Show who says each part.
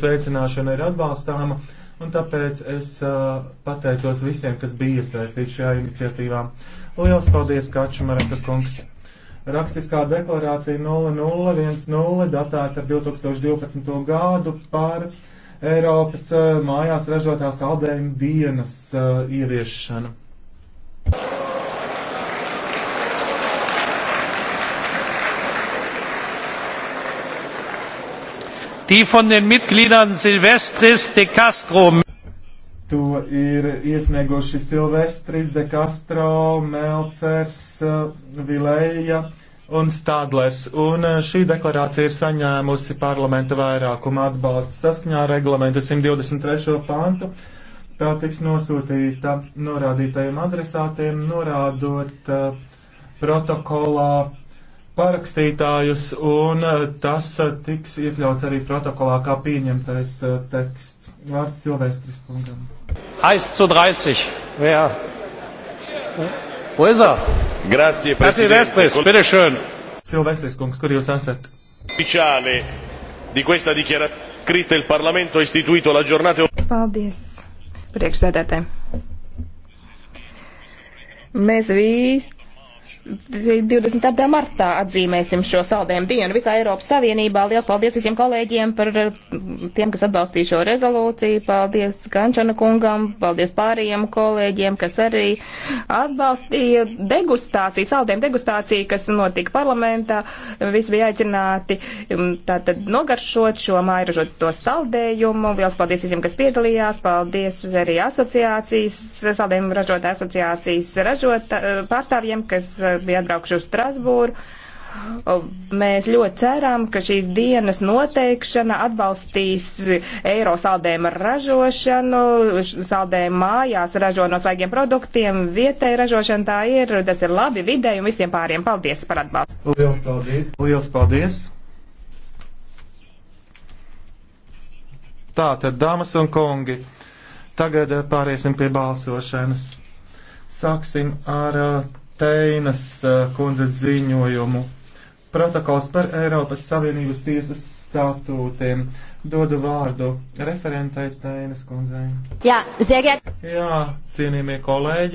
Speaker 1: sveicināšana ir atbalstāma, un tāpēc es uh, pateicos visiem, kas bija iesaistīti šajā iniciatīvā. Lielas paldies, Kačumaraka kungs! Rakstiskā deklarācija 0010 datēta ar 2012. gadu par Eiropas uh, mājās ražotās aldējuma dienas uh, ieviešanu. die von den Mitgliedern Silvestris de Castro. To ir iesnieguši Silvestris de Castro, Melcers, Vilēja un Stādlers. Un eh, šī deklarācija ir saņēmusi parlamenta vairākuma atbalstu saskaņā ar reglamenta 123. pantu. Tā tiks nosūtīta norādītajiem adresātiem, norādot uh, protokolā parakstītājus, un eh, tas eh, tiks iekļauts arī protokolā kā pieņemtais eh, teksts. Vārds Silvestris kungam.
Speaker 2: Heiß zu 30. Wer? Wo ist er? Grazie, Herr Silvestris, bitte schön.
Speaker 1: Silvestris kungs, kur jūs esat? Ufficiale di questa dichiarazione scritta il Parlamento ha istituito la giornata.
Speaker 2: Paldies, priekšsēdētāji. Mēs visi 24. martā atzīmēsim šo saldējumu dienu visā Eiropas Savienībā. Lielas paldies visiem kolēģiem par eh, tiem, kas atbalstīja šo rezolūciju. Paldies Kančana kungam, paldies pārējiem kolēģiem, kas arī atbalstīja degustāciju, saldējumu degustāciju, kas notika parlamentā. Visi bija aicināti mm, tātad nogaršot šo mājražot to saldējumu. Lielas paldies visiem, kas piedalījās. Paldies arī asociācijas, saldējumu ražotāju asociācijas ražot, eh, pārstāvjiem, kas bija atbraukuši uz Strasbūru. Mēs ļoti ceram, ka šīs dienas noteikšana atbalstīs eiro saldējumu ražošanu, saldējumu mājās ražo no svaigiem produktiem, vietēji ražošana tā ir, tas ir labi videi un visiem pāriem. Paldies par atbalstu.
Speaker 1: Lielas paldies. Lielas paldies. Tā tad, dāmas un kungi, tagad pāriesim pie balsošanas. Sāksim ar uh, Teinas eh, kundzes ziņojumu. Protokols par Eiropas Savienības tiesas statūtiem. Dodu vārdu referentai Teinas kundzei. Jā, Ziegē. Jā, cienījamie kolēģi.